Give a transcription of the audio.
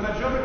majority